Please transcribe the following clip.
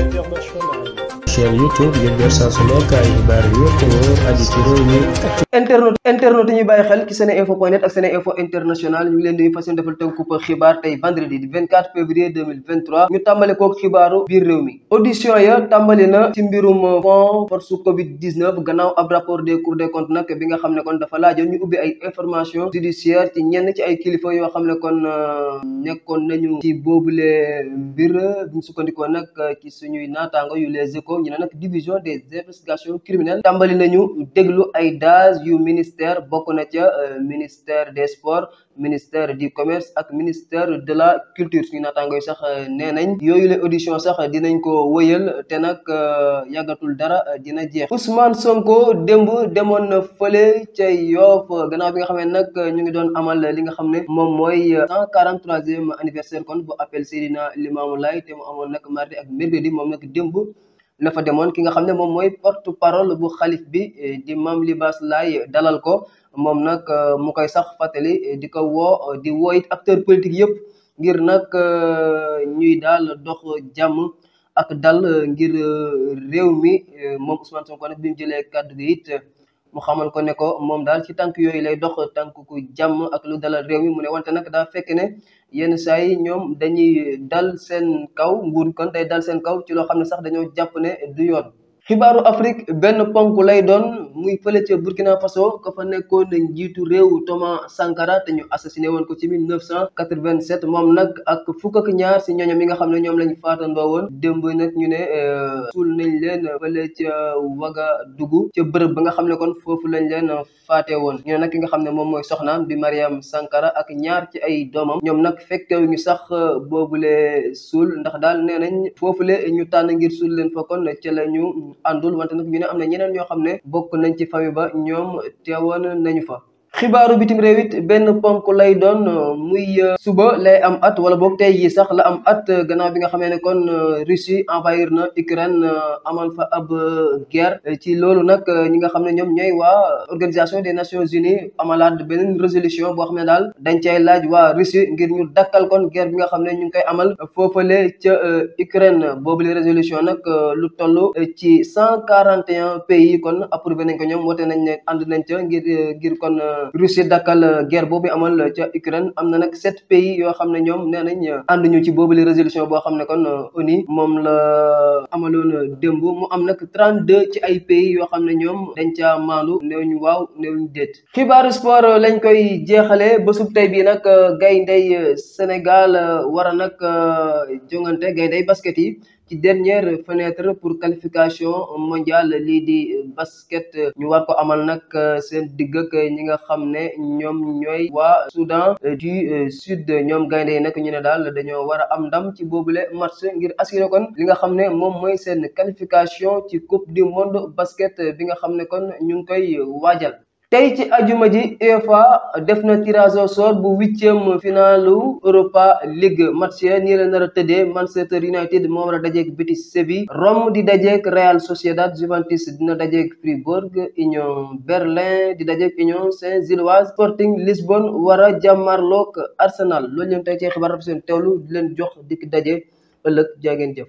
internationale. chaîne YouTube ngir jot saa su ay xibaar yu yëpp mi. internet internet yi ñuy xel ci sene info point net ak sene info international ñu leen di nuyu fas yéene defal tënkup xibaar tey vendredi di 24 février 2023 ñu tàmbale koog xibaaru biir réew mi. audition ya tàmbali na ci mbirum fond force Covid 19 gannaaw ab rapport des cours des comptes nag bi nga xam ne kon dafa laajoon ñu ubbi ay information judiciaire ci ñenn ci ay kilifa yoo xam ne kon euh, nekkoon nañu ci boobule mbir bu ñu sukkandikoo nag ci suñuy naataango yu les échos ñu ne nag division des investigations criminelles tàmbali nañu déglu ay daas yu ministère bokk na ca euh, ministère des sports ministère du commerce ak ministère de la culture suñu na yi sax euh, nee nañ yooyu le audition sax di nañ ko wëyal te nag euh, yàggatul dara dina jeex Ousmane ko démb demoon na fale ca Yoff gannaaw bi nga xam ne nag ñu ngi doon amal li nga xam ne moom mooy cent quarante troisième anniversaire kon bu appel Seydina Limamou Laye te mu amoon nag mardi ak mercredi moom nag démb la fa demoon ki nga xam ne moom mooy porte parole bu xalif bi eh, di Mame Libasse Laye dalal ko moom nag eh, mu koy sax fàttali eh, di ko woo di woo acteur politique yëpp ngir nag ñuy daal dox jàmm ak dal ngir réew mi moom Ousmane Sonko nag bi mu jëlee kàddu gi mu xamal ko ne ko moom daal ci tànk yooyu lay dox tànk ku jàmm ak lu dalal réew mi mu ne wante nag daa fekk ne yenn saa yi ñoom dañuy dal seen kaw nguur kon day dal seen kaw ci loo xam ne sax dañoo jàpp ne du yoon. xibaaru Afrique benn ponk lay doon muy fële ca Burkina Faso ko fa nekkoon njiitu réew Thomas Sankara te ñu assassiné woon ko ci 1987 moom nag ak fukk ak ñaar si ñooñam yi nga xam ne ñoom lañ faatandoo woon démb nag ñu ne euh, suul nañ leen fële ca Ouagadougou ca bërëb ba nga xam ne kon foofu lañ leen faate woon ñu nag ki nga xam ne moom mooy soxnaam di Mariam Sankara ak ñaar ci ay doomam ñoom nag fekkewu ñu sax euh, boobule suul ndax daal nee foofu le ñu tànn ngir suul leen fa kon ca la ñu àndul wante nag ñu ne am na ñeneen ñoo xam ne bokk nañ ci famille ba ñoom teewoon nañu fa xibaaru bitim réew it benn ponk lay doon euh, muy euh, suba lay am at wala boog tey jii sax la am at euh, gannaaw bi nga xamee ne kon Russie envahir na Ukraine amal fa ab guerre ci loolu nag ñi nga xam ne ñoom ñooy waa organisation des nations unies amalaat beneen résolution boo xam ne daal dañ cay laaj waa Russie ngir ñu dakkal kon guerre bi nga xam ne ñu ngi koy amal le ca Ukraine boobu la résolution nag lu toll ci cent quarante et un pays kon approuvé nañ ko ñoom woote nañ ne ànd nañ ca ngir ngir kon. Russie dakkal euh, guerre boobu amal ca Ukraine am na nag sept pays yoo xam ne ñoom nee nañ euh, ànd ci ci boobule résolution boo xam ne kon euh, ONU moom la amaloon démb mu am nag trente deux ci ay pays yoo xam ne ñoom dañ caa maandu néew ñu waaw néew ñu xibaar xibaaru sport lañ koy jeexalee bésub tey bii nag gayndey Sénégal war a nag jongante gayndey basket yi. ci dernière fenêtre pour qualification mondiale lii di basket ñu war ko amal nag euh, seen digg ak ñi nga xam ne ñoom ñooy waa Soudan euh, du euh, Sud ñoom gaynde yi nag ñu ne daal dañoo war a am ndam ci boobule match ngir assurer kon li nga xam ne moom mooy seen qualification ci coupe du monde basket bi nga xam ne kon ñu ngi koy waajal. tey ci ajuma ji UEFA def na tirage au sort bu huitième finalu Europa League match nii la nar a tëddee Manchester United moom la dajeek Betis Séville Rome di dajeek Real Sociedad Juventus dina dajeek Fribourg Union Berlin di dajeek Union Saint-Gilloise Sporting Lisbonne war a jàmmarloog Arsenal loolu leen tey ci a rafet seen teewlu di leen jox dikk daje ëllëg jaa jëf.